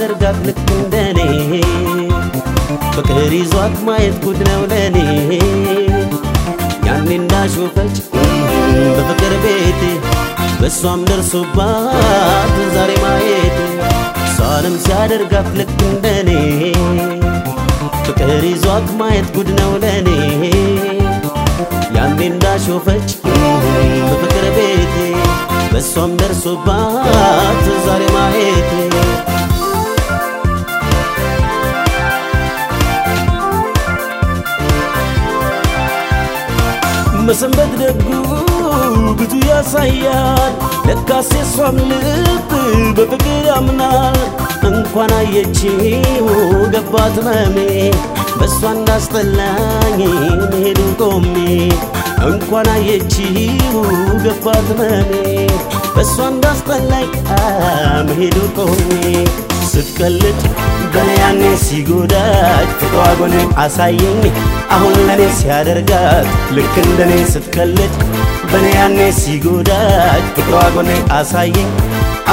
ሲያደርጋት ልክ እንደኔ ፍቅር ይዟት ማየት ጉድ ነው ለኔ ያኔ እንዳሾፈች በፍቅር ቤት በእሷም ደርሶባት ዛሬ ማየት እሷንም ሲያደርጋት ልክ እንደኔ ፍቅር ይዟት ማየት ጉድ ነው ለኔ ያኔ እንዳሾፈች በፍቅር ቤት በእሷም ደርሶባት ዛሬ ማየት መሰንበት ደጉ ብቱ ያሳያል ለካሴ ሷም ልብ በፍቅር አምናል እንኳን አየችው ገባት መሜ በእሷ እንዳስጠላኝ መሄዱ ቆሜ እንኳን አየችው ገባት መሜ በእሷ እንዳስጠላኝ መሄዱ ቆሜ ስትቀልድ ያኔ ሲጎዳች ፍቅሯጎን አሳየኝ አሁን ለኔ ሲያደርጋት ልክ እንደኔ ስትከልጥ በኔ ያኔ ሲጎዳች ፍቅሯጎን አሳየኝ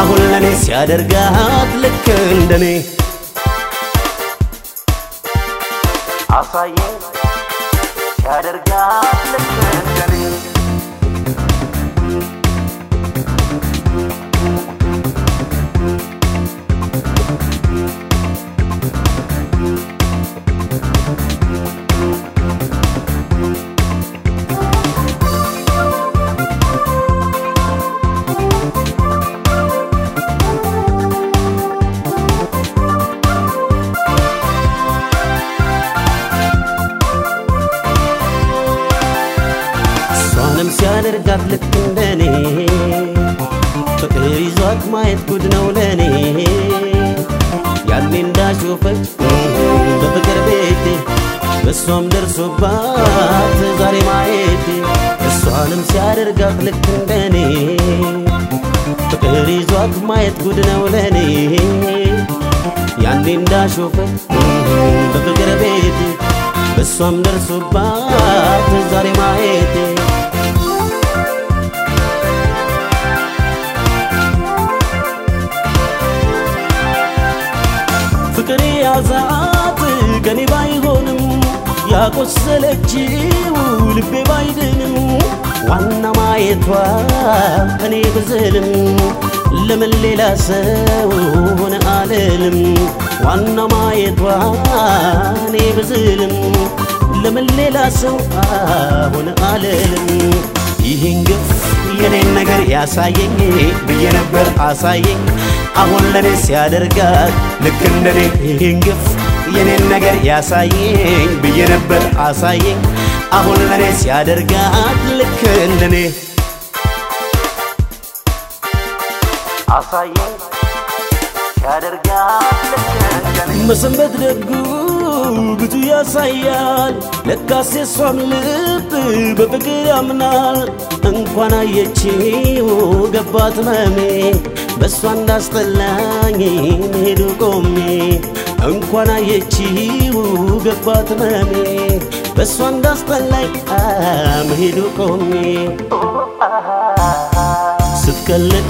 አሁን ለኔ ሲያደርጋት ልክ እንደኔ አሳየኝ ሲያደርጋት ልክ አድርጋት ልክ እንደኔ ፍቅር ይዟት ማየት ጉድ ነው ለኔ ያኔ እንዳሾፈች በፍቅር ቤቴ እሷም ደርሶባት ዛሬ ማየት እሷንም ሲያደርጋት ልክ እንደኔ ፍቅር ይዟት ማየት ጉድ ነው ለኔ ያኔ እንዳሾፈች በፍቅር ቤቴ እሷም ደርሶባት ዛሬ ማየቴ ያዛት ከኔ ባይሆንም ያቆሰለችው ልቤ ባይድንም ዋና ማየቷ እኔ ብዝልም ለምን ሌላ ሰው ሆነ አልልም ዋና ማየቷ እኔ ብዝልም ለምን ሌላ ሰው ሆነ አልልም ይህን ግፍ የኔን ነገር ያሳየኝ ብዬ ነበር አሳየኝ አሁን ለኔ ሲያደርጋት ልክ እንደኔ ይህን ግፍ የኔን ነገር ያሳየኝ ብዬ ነበር አሳየኝ አሁን ለኔ ሲያደርጋት ልክ እንደኔ አሳየኝ ሲያደርጋት ልክ እንደኔ መሰንበት ደጉ ብዙ ያሳያል። ለካሴ ሷም ልብ በፍቅር ያምናል። እንኳን አየችው ገባት መሜ በእሷ እንዳስጠላኝ መሄዱ ቆሜ እንኳን አየችው ገባት መሜ በእሷ እንዳስጠላኝ መሄዱ ቆሜ ስትቀልድ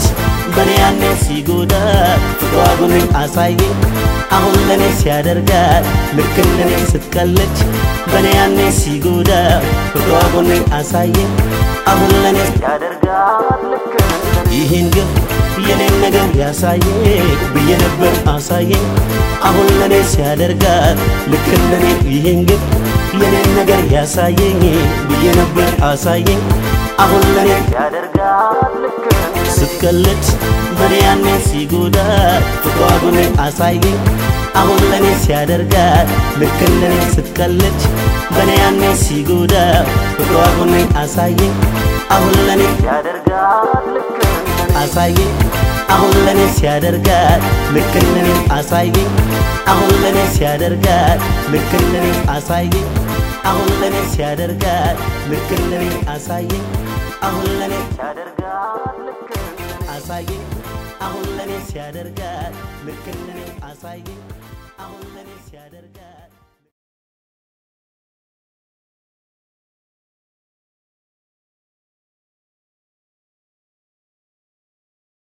ከኔ ያኔ ሲጎዳት ተዋጉንኝ አሳየኝ አሁን ለኔ ሲያደርጋት ልክ እንደኔ ስትቀለች በኔ ያኔ ሲጎዳት ተዋጉንኝ አሳየ አሁን ለኔ ሲያደርጋት ይህን ግፍ የኔን ነገር ያሳየ ብዬ ነበር አሳየ አሁን ለኔ ሲያደርጋት ልክ እንደኔ ይህን ግፍ የኔን ነገር ያሳየኝ ብዬ ነበር አሳየኝ አሁን ለኔ ስትቀልድ በኔ ያኔ ሲጎዳ ፍቃዱን አሳየኝ አሁን ለኔ ሲያደርጋት ልክ እንደኔ ስትቀልድ በኔ ያኔ ሲጎዳ ፍቅሯን አሳየኝ አሁን ለኔ አሳየኝ አሁን ለኔ ሲያደርጋት ልክ እንደኔ አሳየኝ አሁን ለኔ ሲያደርጋት ልክ እንደኔ አሳየኝ አሁን ለኔ ሲያደርጋት ልክ ለኔ አሳየኝ አሁን ለኔ ሲያደርጋት ልክ አሳየኝ አሁን ለኔ አሳየኝ አሁን ለኔ ሲያደርጋት